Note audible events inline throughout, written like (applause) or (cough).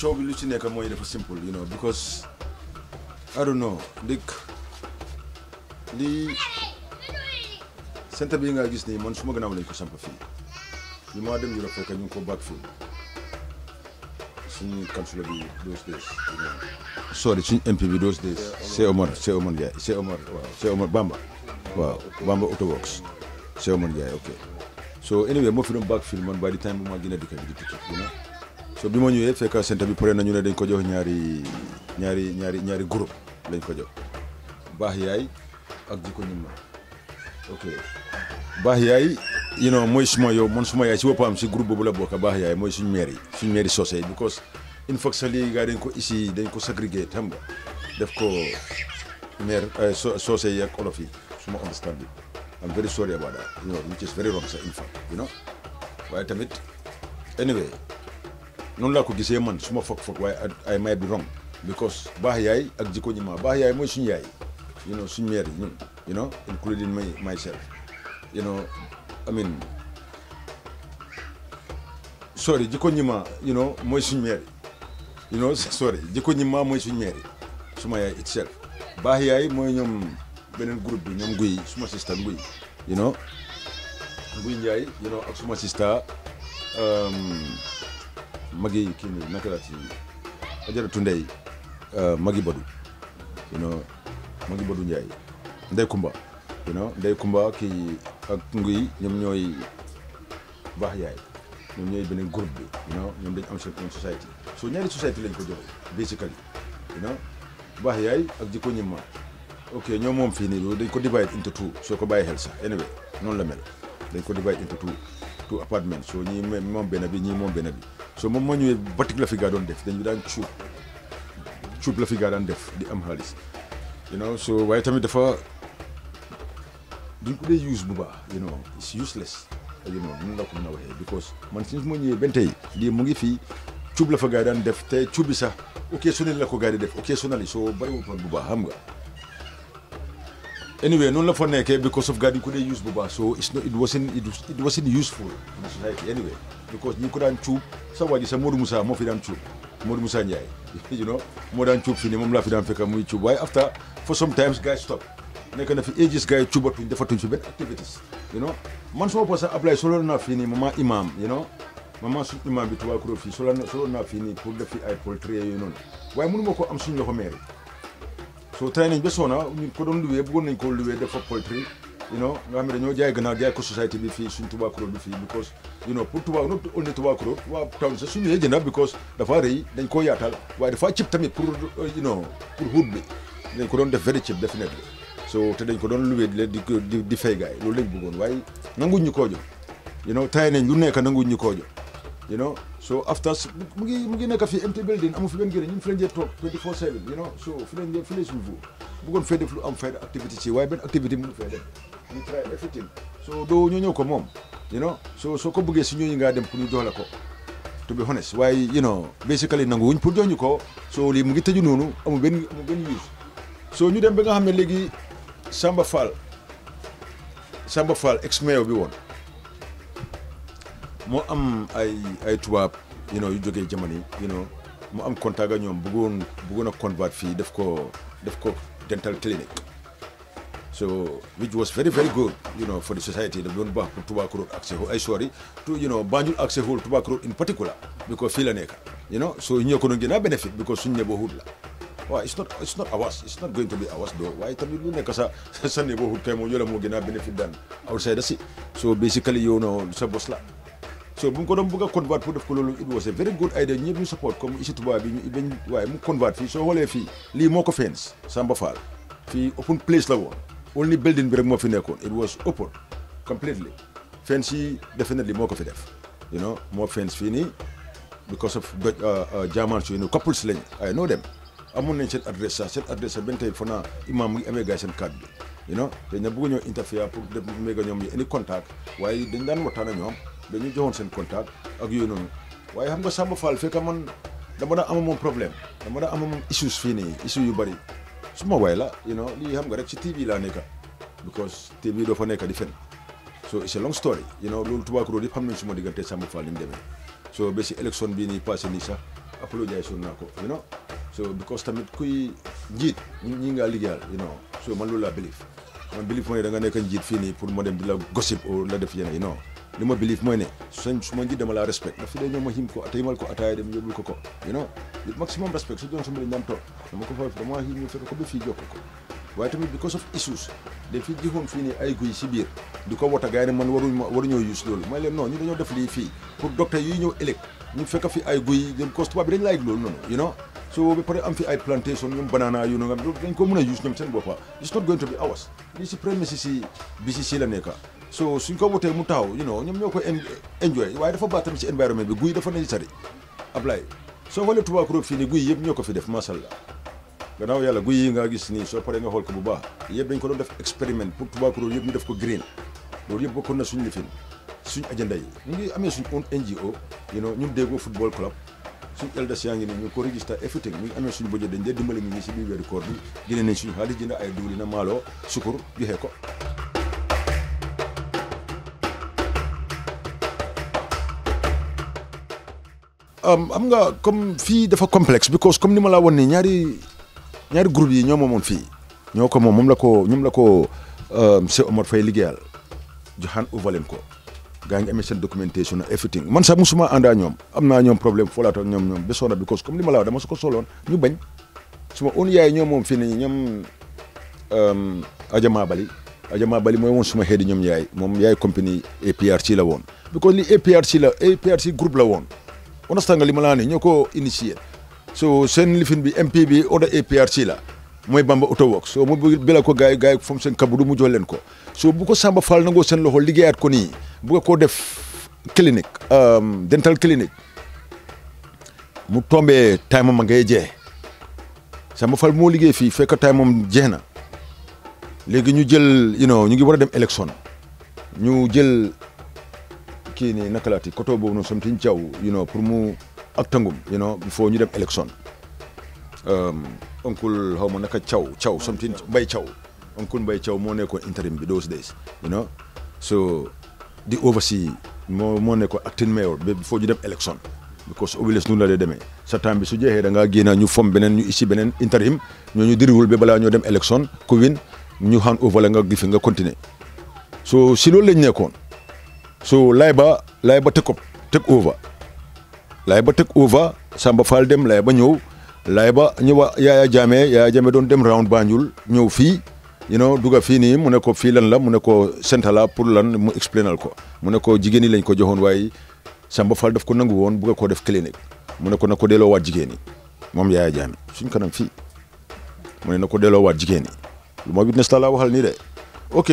coow bi lu ci nekk mooy dafa simple you noo because I don't know dëkk lii centre bi nga gis nii man su ma gannaaw lañ ko samp fii ñu ma dem Europe fekk ñu ngi ko baag fii suñu councilor bi those days sorry suñu MP bi those days c'est Omar c'est Omar Ndiaye c'est Omar waaw c'est Omar Bamba waaw Bamba Autoworks Omar Ndiaye ok so anyway moo fi doon baag fii man by the time bu ma gën a dëkk bi di tukki you know so bi ma ñëwee fekk centre bi pare nañu ne dañ ko jox ñaari ñaari ñaari ñaari groupe lañ ko jox baax yaay ak jikko ñun ma ok baax yaay you know mooy suma yow man suma yaay si boppam si groupe boobu la bokk baax yaay mooy suñu maire yi suñu maire yi sosé because in fact sa lii gars dañ ko ici dañ ko ségrégé xam def ko maire soose yi ak olof yi suma understanding I'm very sorry about that you know which is very wrong sa in you know waaye tamit noonu la ko gisee man su ma fokk fokk waaye ay may bi wrong because baax yaay ak jikko ñi ma baax yaay mooy suñu yaay you know suñu mère yi ñun you know including my myself you know I mean sorry jikko ñi ma you know mooy suñu mère yi you know (laughs) sorry jikko ñi ma mooy suñu mère yi suma yaay itself baax yaay mooy ñoom beneen groupe bi ñoom guy suma sista guy you know guy Njaay you know ak suma sista um, mag yi kii nii naka la si ajaratu ndey euh, magi badu you know magi badu Ndiaye ndey Kumba you know ndey Kumba kii ak nguy ñoom ñooy baax yaay ñoom ñooy beneen groupe bi you know ñoom dañ am seen société so ñaari société lañ ko joxe basically you know baax yaay ak jikko ñi ma ok ñoom moom fii nii dañ ko divide into two soo ko bàyyi xel sax anyway noonu la mel dañ ko divide into two two apartment so ñii moom benn bi ñii moom benn bi so moom moo ñëwee batik la fi gaa doon def dañu daan cuub cuub la fi gaa daan def di am xaalis you know so waaye tamit dafa duñ ko dee use bu baax you know it's useless you know mun nga ko mën a waxee because man since moo ñëwee benn tey lii mu ngi fii cuub la fa gaa daan def te cuub bi sax occasional la ko gaa di def occasional yi soo bariwul bu baax xam nga anyway noonu la fa nekkee because of God you couldn't use booba so it's not it it, was, it wasn't useful in the society anyway because ñu ko daan cuub sa waa ji sa Modou Moussa moo fi daan cuub Modou (laughs) daan cuub fii moom laa fi daan fekk muy cuub waaye after for sometimes guys stop nekk na fi ages gars yi cuubatuñ defatuñ fi benn activities you know man suma bopp sa Ablaye solo naa fii nii maman imam you know maman suñ imam bi tubaab kuréel fii solo naa fii nii pour def ay poltrie ko am suñ loxo mairie so tey nañ ba soona ñu ko doon luwee bëggoon nañ koo luwee def fa poultry you know nga xam ne dañoo jaay gannaaw jaay ko société bi fii suñ Tubaakuloor bi fii because you know pour Tubaa not only Tubaakuloor waa town sax suñu yee jënda because dafa rëy dañ koo yaatal waaye dafa cib tamit pour uh, you bi dañ ko doon def very cheap definitely so te dañ ko doon luwee di di di fay gaay loolu lañ bëggoon waaye nanguñ ñu koo jox you know tey nañ lu nekk nanguñ ñu koo jox you so after mu ngi mu ngi nekk fii empty building amu fi benn njëriñ ñun fi leen jee toog 24/7 you know so fi leen jee fi leen suñu bu bëggoon fee def lu am fayda activité ci waaye benn activité mënu fee def ñu so doo ñoo ñëw ko moom you know so soo ko buggee si ñooñu ngaa dem pour ñu jox la ko to be honest waaye you know basically nangu wuñ pour jox ñu ko so lii mu ngi tëju noonu amu benn amu benn use so ñu dem ba nga xam ne léegi Samba Fall Samba Fall ex mayor bi woon moo am ay ay tubaab you know yu jógee Germany you know mu am contact ak ñoom bëggoon bëggoon a convert fii def ko def ko dental clinic so which was very very good you know for the society daf doon baax pour Tubaakuloon accès ay sori to you know Banjul accès wul Tubaakuloon in fii la nekk you know so ñoo ko doon gën a bénéfice suñ suñu neighborhood la waaw it's not it's not ours it's not going to be ours though waaye tamit lu nekk sa sa neighborhood kay moom yow la moo gën a bénéfice daan outside si so basically yow no sa bos la so bu mu ko doon bëgg a convert pour def ko loolu it was a very good idea ñëpp ñu support comme ici tubaab bi ñu dañ waaye mu convert fii soo xoolee fii lii moo ko fence Samba Fall fii open place la woon only building bi rek moo fi nekkoon it was open completely fence yi definitely moo ko fi def you know moo fence fii nii because of German uh, uh, so you know couples lañ I know them amoon nañ seen adresse sax seen adresse sax benn tey foo naa imaam mu seen ñoo interfere pour def méga ñoom yi any contact dañu joxoon sen contact ak yooyu noonu waaye xam nga sama Fall fek man dama daan am mon problème dama daan am mon issues fi ni issues yu bari suma way la you know li xam nga rek ci TV la neka, because TV do fa nekka di fen so it's a long story you know loolu tubaab kuréel yëpp xam nañ suma digante sama Fall ni demé so be ci election bi ni passé ni sax apolo jay son nako you know so because tamit kuy njit ñi ñi ngaa you know so man loolu la believe man believe moo ne da nga nek njit fi ni pour mo dem di la gossip ou la def yene you know li ma believe mooy ne suñ su ma njiit dama laa respect ndax su dee ñoom ma him ko tey mal ko ataaya dem yóbbul ko ko you know le maximum respect su doon ma leen daan toog dama ko fa dama him ñu fekk ko ba fii jokk ko waaye tamit because of issues dañ fi jixoon fii nii ay guy si biir di ko wota gars yi ne man waruñ ma waruñoo use loolu mooy leen non ñu dañoo def lii fii pour docteur yuy ñëw élect ñu fekk fi ay guy dem cause tubaab bi dañ laa yëg so suñ ko wuté mu taw you know ñom ñoko enjoy waaye dafa baax ci environnement bi guuy dafa necessary ablay so wala tuba ko fi ni guuy yeb ñoko fi def macha allah gannaaw yalla guuy yi nga gis ni so paré nga xol ko bu baax yeb dañ ko doon def experiment pour ko yeb ñu def ko green lool yeb bokkoon na suñu lifin suñ agenda yi ñu ngi amé suñ own NGO you know ñun déggoo football club suñ elders yaa ngi ñu ko register efutek ñu amé suñ suñu budget dañ dé dimbalé ñu ci biir weeru koor bi génne nañ suñ xaalis jënd ay dugli na sukur joxe ko am nga comme fii dafa complexe because comme ni ma laa woon nii ñaari ñaari groupe yi ñoo moomoon fii ñoo ko moom moom la ko ñoom la ko monsieur euh, Omar Faye liggéeyal joxaan over leen ko gaa ngi amee seen documentation ak everything man sax musuma ànd ak ñoom am naa ñoom problème folaat ak ñoom ñoom besoona because comme li ma la wax dama su ko soloon ñu bañ suma un yaay ñoom moom fii nii ñoom euh, Adjama Bali Adjama Bali mooy woon suma xeedi ñoom yaay moom yaay compagnie APRC la woon because li APRC la APRC groupe la woon understand nga li ma laa ñoo ko initié so seen lifin bi MP bi oda APRC la mooy Bamba oto Works so mu bila ko gaay gaay fam seen du mu jox leen ko so bu ko Samba Fall nangoo seen loxo liggéeyaat ko nii bu ko def clinique um, dental clinique mu tombee time moom a ngay jeex Samba moo liggéey fii fekk time moom jeex na léegi ñu jël you ñu ngi war a dem élection ñu jël kii ni naka laati koto boobu noonu something thiaw you know pour mu ak tangum you know il faut ñu dem élection euh, oncle xaw ma naka caw thiaw something bay thiaw oncle mbay caw moo nekkoon interim bi those days you know so di oversee moo moo nekkoon acting mayor ba il faut ñu dem élection because obiles dee demee sa temps bi su jeexee da ngaa ñu fom beneen ñu issi beneen interim ñooñu diriwul ba balaa ñoo dem élection ku ñu hand over la nga gifi nga continuer so si loolu lañ nekkoon so layba layba took up took over layba took over Samba Fall dem layba ñëw layba ñëwa Yaya Jammeh Yaya Jammeh doon dem round Banjul ñëw fii you know duga fii nii mu ne ko fii lan la mu ne ko sentala pour lan mu explainal ko mu ne ko jigéen yi lañ ko joxoon waaye Samba Fall daf ko nangu woon bugga koo def clinique mu ne ko na ko delloowaat jigéen yi moom Yaya Jammeh suñ kanam fii mu ne na ko delloowaat jigéen yi lu ma witness la laa waxal nii de ok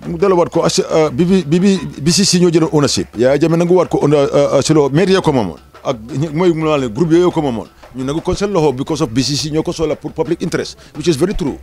dalawaat ko euh, bi bi bi bi si si ñoo jëloon ownership Yaya ko euh, euh, si loo maire yee ko moomoon ak mooy mu ne groupe yooyu ko moomoon ñu nangu ko loxo because of BCC ñoo ko soxla pour public interest which is very true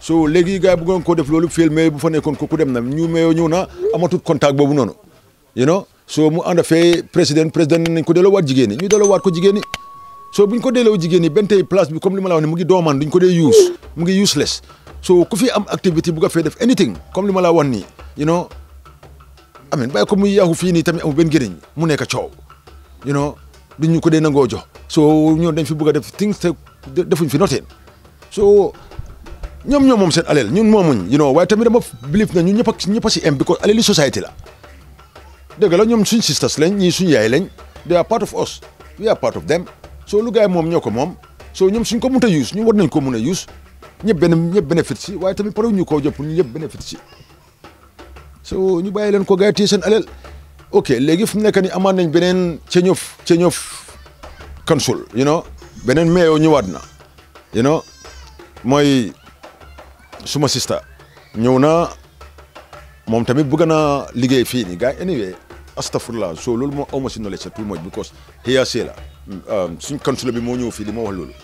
so léegi gars yi bëggoon def loolu fii mais bu fa nekkoon kooku dem na ñu meeyoo ñëw na amatul contact boobu noonu you know so mu ànd fee président président nañ ko delloowaat jigéen ñi ñu delloowaat ko jigéen ñi so buñ ko delloo jigéen ñi benn tey place bi comme li ma la wax ne mu ngi doomaan duñ so ku fi am activité bu nga fee def anything comme li ma laa wax nii you know amin bàyyi ko muy yaaxu fii nii tamit amul benn njëriñ mu nekk coow you know ko dee nangoo jox soo ñoo dañ fi bëgg a def things te defuñ fi noteen so ñoom ñoom moom seen aleel ñun moomuñ you know waaye tamit dama believe na ñun ñëpp a ñëpp a si am because aleel yi society la dëgg la ñoom suñ sisters lañ ñii suñ yaay lañ they are part of us we are part of them so lu moom ñoo ko moom soo ñoom suñ ko mënta use ñu war nañ ko mun a use ñëpp benn ñëpp bénéfice si waaye tamit pare ñu koo jëpp ñu ñëpp bénéfice si so ñu bàyyi leen ko gars yi téye seen alal ok léegi fu mu nekk nii amaat nañ beneen ceñof ceñof council you know beneen meeyoo ñëwaat na you know mooy suma sista ñëw na moom tamit bugga naa liggéey fii ni gaa yi anyway astafurlah so loolu moo aw ma si knowledge sa tout much because here see la suñ council bi moo ñëw fii li moo wax loolu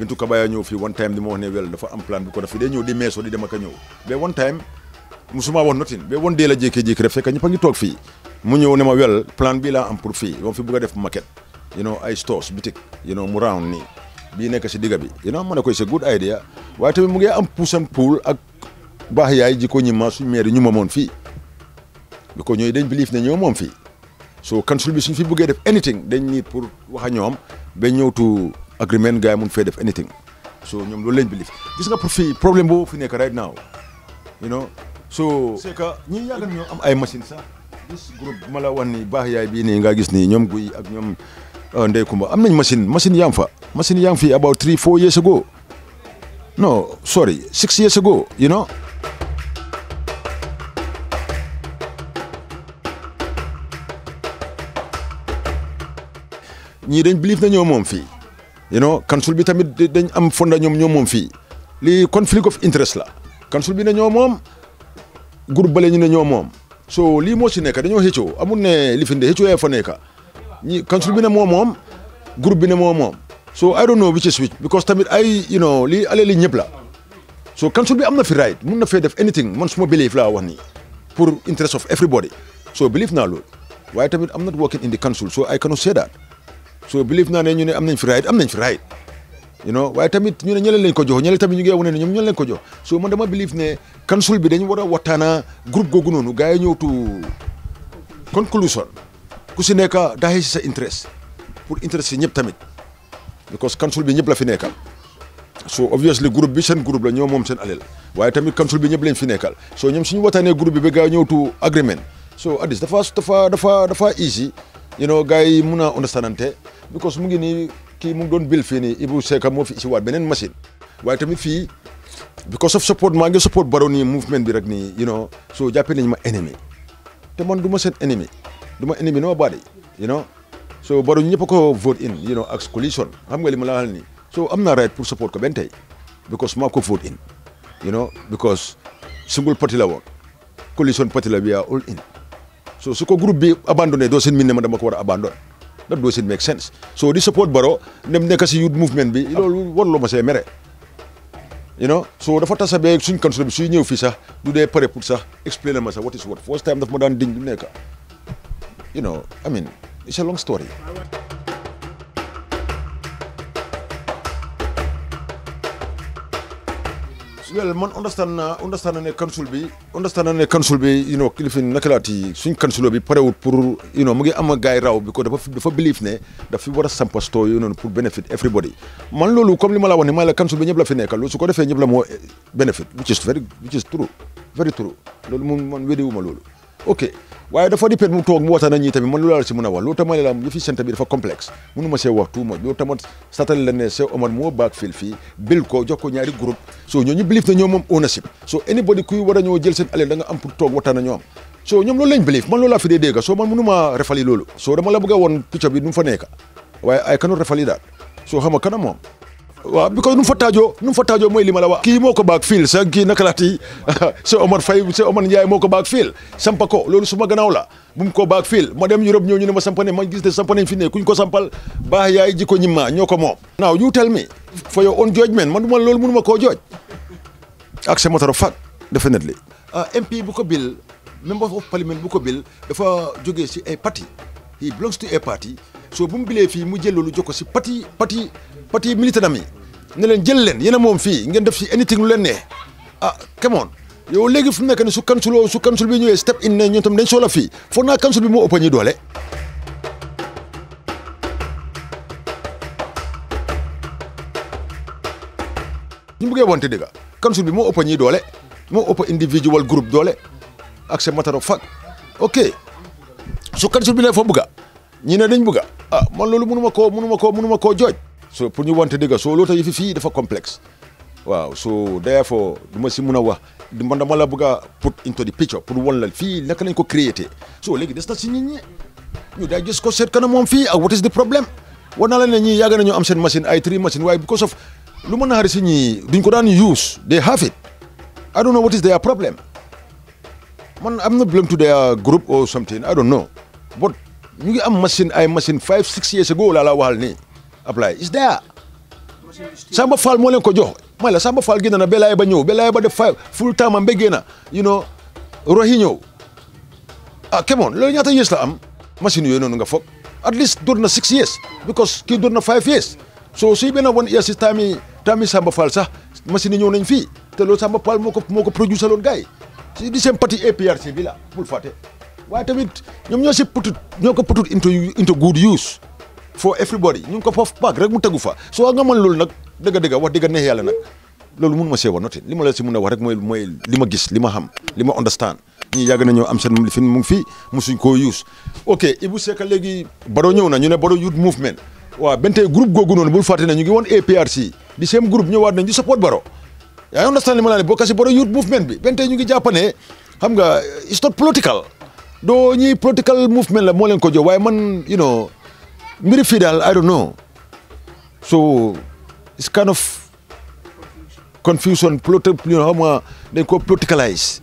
Bintu Kabaya ñëw fii one time di ma wax ne wel dafa am plan bu ko def fi day ñëw di meesoo di dem a ñëw mais one time musuma woon notin mais woon dee la jékkee-jékki rek fekk ñëpp a ngi toog fii mu ñëw ne ma wel plan bi laa am pour fii moom fi bëgg a def maquette you know ay stores boutique you know nekk si digga bi you know ma ne koy c'est good idea waaye tamit mu ngi am push and pull ak baax yaay ji ñi ma suñ maire ñu ma moon fii bi ko ñooy dañ believe ne ñoo moom fii so council bi suñ fi bëggee def anything dañ need pour wax a ba ñëw tu ak remain gars yi mun fee def anything so ñoom loolu lañ believe gis nga pour fii problème boobu fi nekk right now ñi ñoo am ay machine sax gis groupe ma la wan ni baax yaay bii nii nga gis nii ñoom guy ak ñoom euh, Ndey Kumba am nañ machine machine yaa ngi fa machine yaa ngi fi about three four years ago non sorry six years ago you know ñii dañ believe na ñoo moom fii you know bi tamit dañ am fonda ñoom ñoom moom fii lii conflict of interest la council bi ne ñoo moom groupe bale ñu ne ñoo moom so lii moo si nekk dañoo xëccoo amul ne li fi nde xëccoo yaa fa nekk ñi council bi ne moo moom groupe bi ne moo moom so I don't know which is which because tamit ay you know lii ale ñëpp la so council bi am na fi right mun na fee def anything man suma belief laa wax nii pour interest of everybody so belief naa loolu waaye tamit I'm not working in the council so I cannot say so believe naa ne ñu ne am nañ fi right am nañ fi right you know waaye tamit ñu ne ñële lañ ko jox ñële tamit ñu ngi wane ne ñoom ñële lañ ko jox so man dama believe ne council bi dañ war a waxtaana groupe googu noonu gars yi ñëw tu conclusion ku si nekk daaxee si sa interest pour interest si ñëpp tamit because council bi ñëpp la fi nekkal so obviously groupe bi seen groupe la ñoo moom seen alal waaye tamit council bi ñëpp lañ fi nekkal so ñoom suñu waxtaanee groupe bi ba gars yi ñëw tu agreement so addis dafa dafa dafa dafa you know gars yi mun a understandante because mu ngi nii kii mu ngi doon bil fii nii Ibu Seka moo fi si waat beneen machine waaye tamit fii because of support maa ngi support Barrow nii movement bi rek nii you know so jàppee nañ ma ennemi te man du ma seen ennemi du ma ennemi no body you know so Barrow ñëpp ko vote in you know ak coalition xam nga li ma la waxal nii so am naa right pour support ko benn tey because maa ko vote in you know because single party la woon coalition party la we so su ko groupe bi abandonné doesn't mean ne ma dama ko war a abandonné that doesn't make sense so di support Barrow dem nekk si youth movement bi loolu warloo ma see mere you know so dafa tasa suñ council bi suy ñëw fii sax du dee pare pour sax explain ma sax what is what first time daf ma daan diñ du nekk you know I mean it's a long story well man understand na uh, understand na ne council bi understand na ne council bi you know kilifin naka laati suñ council bi parewut pour you know mu ngi gaay raw bi dafa dafa ne dafa war a sampa store you know pour benefit everybody man loolu comme li ma la wax ne maa la council bi ñëpp la fi nekkal loolu su ko defee ñëpp la moo eh, benefit which is true very true loolu moom man wédewuma loolu ok waaye dafa di pet mu toog mu waxtaan ak ñi tamit man loolu laa si mën a wax loolu tamit la li fi sent wax loolu tamit satal la ne Cheikh Omar moo baak fil fii bil ko jox ko ñaari groupe so ñoom a ñoo jël seen alal da nga am pour loolu lañ believe man loolu laa fi dee dégg so man mënu refali loolu so dama la bëgg a woon picc bi nu mu fa nekk waaye ay kanu refali daal so xam nga moom waaw because nu mu fa taajoo nu mu fa taajoo mooy li ma la wax kii moo ko baak fiil sa kii naka laati (laughs) se Omar Faye se Omar Ndiaye moo ko baag fiil sampa ko loolu suma ganaaw la bu mu ko baag fiil ma dem Europe ñu ne ma sampane ma gis ne sampane fi ne kuñ ko sampal baax yaay jikko ñimma ñoo ko moom now you tell me for your own judgment man du ma loolu mënu ma koo jooj ak sa matter of fact definitely ah, MP bu ko bil member of parliament bu ko bil dafa jógee si ay parti he belongs to bu mu bilee fii mu jël loolu ko si parti parti Pati militant ami nelen ne len jël len yena mom moom ngeen def ci anything lu len ne ah come on yo legui fu nek ni su kansuloo su kansul bi ñewé step in ñun tam dañ soxla fi fo na kansul bi mo ëpp doole. ñu bëggé wonté diga kansul bi mo ëpp doole mo op individual group doole ak seen mataro fak ok su kansul bi ne fo bëgga ñi ne dañ bëgga ah man lolu mënuma ko mënuma ko mënuma ko so pour ñu wante dëgg so loolu yëfi fii dafa complexe waaw so therefore du ma si mun a wax man dama bëgg a put into the pour wan la fii naka lañ ko créer so léegi des na si nit ñi ñu gis ko seet kana moom fii ak what is the problème war la ne ñii yàgg nañu am seen machine ay tri machine waaye because of lu ma naari si ñii duñ ko daan use they have it I don't know what is am na blame to their group or something I don't ngi am machine ay machine five six years ago laa la waxal nii Ablaye is moo leen ko jox ma la Samba Fall génn na Belaye ba ñëw Belaye ba def five full time am bëggee na you know ñëw ah come on loolu ñaata years am machine yooyu noonu nga foog at least door na six years because kii door na five years so suy benn woon years si time yi time yi sax masin yi ñëw nañ fii te loolu Samba Fall moo ko moo ko producer loon gars yi si di seen parti APRC bi la bul fàtte waaye tamit ñoom ñoo si putut ñoo ko putut into into good use foo everybody ñu ngi ko foofu paak rek mu tegu fa soo nga mën loolu nag dëgg-dëgg wax dëgg neex yàlla nag loolu mun ma see wax notin la si mun a wax rek mooy mooy li ma gis li ma xam li understand fi mu ngi fii na ñu ne Baro Youth Movement waaw benn tey groupe googu noonu bul fàtte ne ñu ngi woon APRC di seen groupe ñëwaat nañ di support Baro yaa understand li ma ne bokk si Baro Youth Movement bi benn ñu ngi jàpp xam nga it's not political doo ñuy political movement moo leen ko jox waaye man you know mbiri fii daal I don't know so it's kind of confusion plot you know xam nga dañ ko politicalize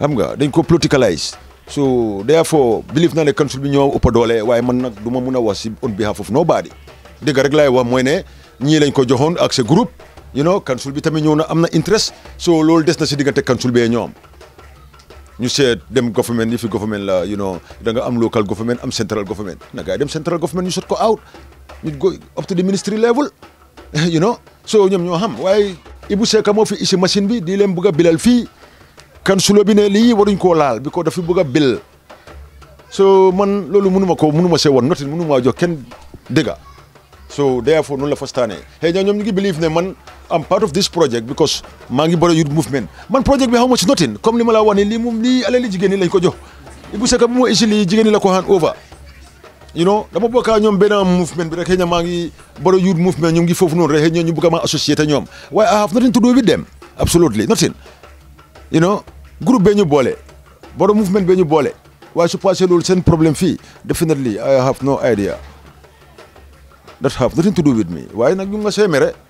xam nga dañ ko politicalize so therefore believe naa ne bi ñoo ëpp doole waaye man nag du ma mun a wax si on behalf of nobody dégg rek laay wax mooy ne ñii lañ ko joxoon ak sa groupe you know council bi tamit ñëw na am na interest so loolu des na si diggante council bee ñoom ñu said dem government if government la you know da nga am local government am central government na gaay dem central government ñu sot ko out ñu go up to the ministry level (laughs) you know so ñom ñoo xam Why Ibu Seka mo fi ici machine bi di leen bëgg bilal fi kan sulo bi ne li waruñ ko laal bi ko dafa bëgg bil so man lolu mënuma ko mënuma sé won notin mënuma jox ken dégga So therefore, no la fastane. ñom ñu ngi believe ne man I'm part of this project because ngi boro youth movement. Man project bi how much nothing. Comme ni mala wone li mum li ala li jigeni lañ ko jox. Ibu sa kam mo isili jigeni la ko han over. You know, dama bokka ñom ben movement bi rek ñama ngi boro youth movement ñu ngi fofu non rek ñom ñu bëgg ma associate ñom. Why I have nothing to do with them. Absolutely nothing. You know, group be ñu bolé. Boro movement be ñu bolé. Why su passé lool sen problème fi. Definitely I have no idea. that have nothing to do with me. Why not you must say,